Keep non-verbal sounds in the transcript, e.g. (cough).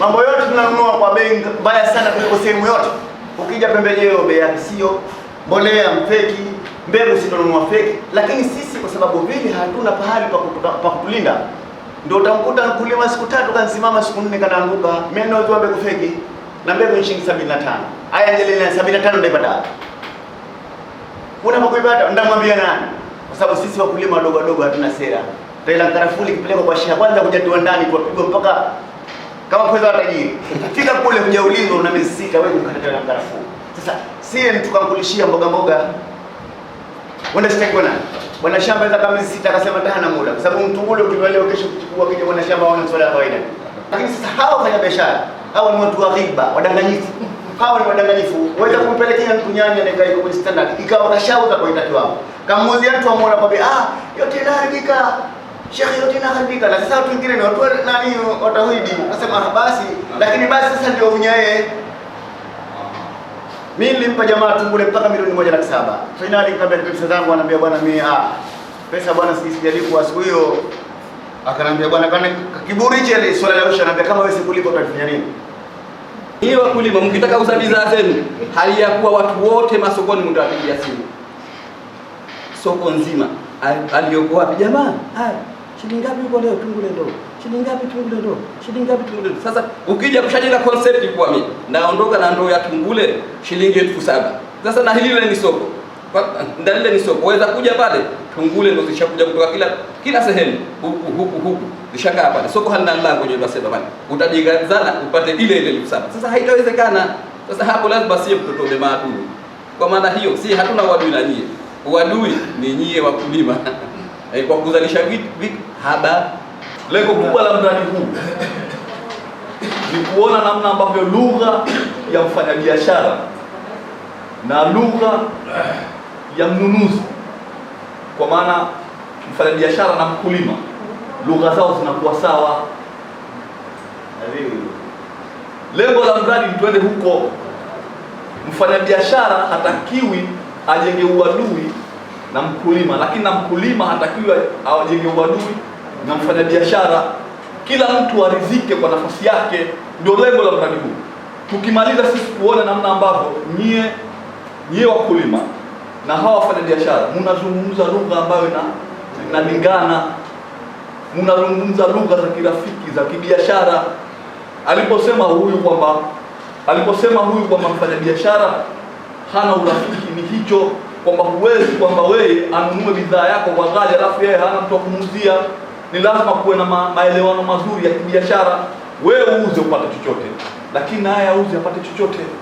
Mambo yote tunanunua kwa bei mbaya sana kuliko sehemu yote. Ukija pembejeo bei yake sio, mbolea mfeki, mbegu si tunanunua feki, lakini sisi kwa sababu vile hatuna pahali pa pa kulinda, ndio utamkuta mkulima siku tatu kanisimama, siku nne kanaanguka. Mimi naotoa mbegu feki na mbegu shilingi 75. Haya ile ile 75 ndio ipata. Kuna mkuibata ndamwambia nani? Kwa sababu sisi wakulima wadogo wadogo hatuna sera. Taila karafuli kipelekwa kwa shia kwanza kuja ndani kwa mpaka kama pesa tajiri fika kule hujaulizwa, una miezi sita wewe ukakata na karafuu. Sasa sie tukakulishia mboga mboga, wenda sitaki nani bwana shamba za kama miezi sita, akasema ta na muda, kwa sababu mtu ule ukiwa kesho kuchukua kile bwana shamba wana swala ya kawaida. Lakini sasa hao wafanya biashara hao ni watu wa ghiba, wadanganyifu. hao ni wadanganyifu, waweza kumpelekea mtu nyanya na kaiko kwa standard, ikawa kashauka kwa itatu itakiwa, kamuuzia mtu amuona kwa bi ah, yote inaharibika Sheikh, yote inaharibika na sasa watu wengine ni watu nani watahidi nasema ah, basi, lakini basi sasa ndio unyaye. Mimi nilimpa jamaa tungule mpaka milioni moja laki saba fainali, kabla pesa zangu anaambia bwana, mimi ah, pesa bwana, si sijalipo siku hiyo. Akanambia bwana, kana kiburi ile swala la usha, anambia kama wewe sikulipa utafanya nini? Hiyo wakulima, mkitaka kuuza bidhaa zenu, hali ya kuwa watu wote masokoni mtawapigia simu, soko nzima aliyokuwa wapi jamaa haya shilingi ngapi yuko leo tungu lendo, shilingi ngapi tungu lendo, shilingi ngapi tungu lendo. Sasa ukija kushajenga concept kwa mimi naondoka na ndoo ya tungule shilingi elfu saba. Sasa na hili ni soko, ndalile ni soko, waweza kuja pale tungule ndo zishakuja kutoka kila kila sehemu huku huku huku, zishakaa pale soko halina mlango, ndio nasema bali utajigazana upate ile ile elfu saba. Sasa haitawezekana. Sasa hapo lazima sie mtoto maadui. Kwa maana hiyo si hatuna wadui na nyie, wadui ni nyie wakulima. (laughs) e, kwa kuzalisha vitu haba. Lengo kubwa la mradi huu ni kuona namna ambavyo lugha ya mfanyabiashara na lugha ya mnunuzi, kwa maana mfanyabiashara na mkulima, lugha zao zinakuwa sawa. Lengo la mradi ni twende huko, mfanyabiashara hatakiwi ajenge uadui na mkulima, lakini na mkulima hatakiwa awajenge uadui na mfanyabiashara, kila mtu arizike kwa nafasi yake. Ndio lengo la mradi huu. Tukimaliza sisi kuona namna ambavyo nyie nyie wakulima na hawa wafanyabiashara mnazungumza lugha ambayo inalingana, mnazungumza lugha za kirafiki za kibiashara. Aliposema huyu kwamba aliposema huyu kwamba mfanyabiashara hana urafiki, ni hicho kwamba huwezi kwamba wewe anunue bidhaa yako kwa ghali alafu yeye hana mtu wa kumuuzia. Ni lazima kuwe na ma, maelewano mazuri ya kibiashara, wewe uuze upate chochote, lakini naye auze apate chochote.